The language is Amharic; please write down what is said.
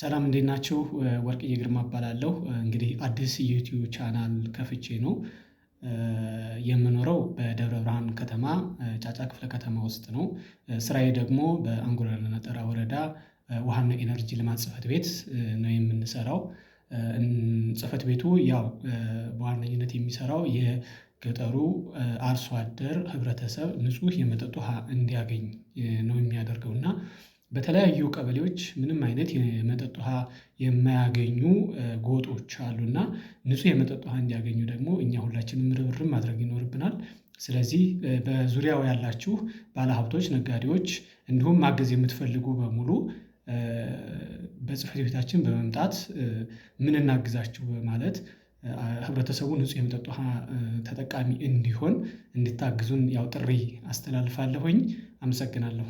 ሰላም እንዴት ናችሁ? ወርቅዬ ግርማ እባላለሁ። እንግዲህ አዲስ ዩቲዩብ ቻናል ከፍቼ ነው የምኖረው በደብረ ብርሃን ከተማ ጫጫ ክፍለ ከተማ ውስጥ ነው። ስራዬ ደግሞ በአንጎላ ነጠራ ወረዳ ውሃና ኢነርጂ ልማት ጽህፈት ቤት ነው የምንሰራው። ጽህፈት ቤቱ ያው በዋነኝነት የሚሰራው የገጠሩ አርሶ አደር ህብረተሰብ ንጹህ የመጠጥ ውሃ እንዲያገኝ ነው የሚያደርገው እና በተለያዩ ቀበሌዎች ምንም አይነት የመጠጥ ውሃ የማያገኙ ጎጦች አሉ እና ንጹህ የመጠጥ ውሃ እንዲያገኙ ደግሞ እኛ ሁላችንም ርብርብ ማድረግ ይኖርብናል። ስለዚህ በዙሪያው ያላችሁ ባለሀብቶች፣ ነጋዴዎች እንዲሁም ማገዝ የምትፈልጉ በሙሉ በጽህፈት ቤታችን በመምጣት ምን እናግዛችሁ በማለት ህብረተሰቡ ንጹህ የመጠጥ ውሃ ተጠቃሚ እንዲሆን እንድታግዙን ያው ጥሪ አስተላልፋለሁኝ። አመሰግናለሁ።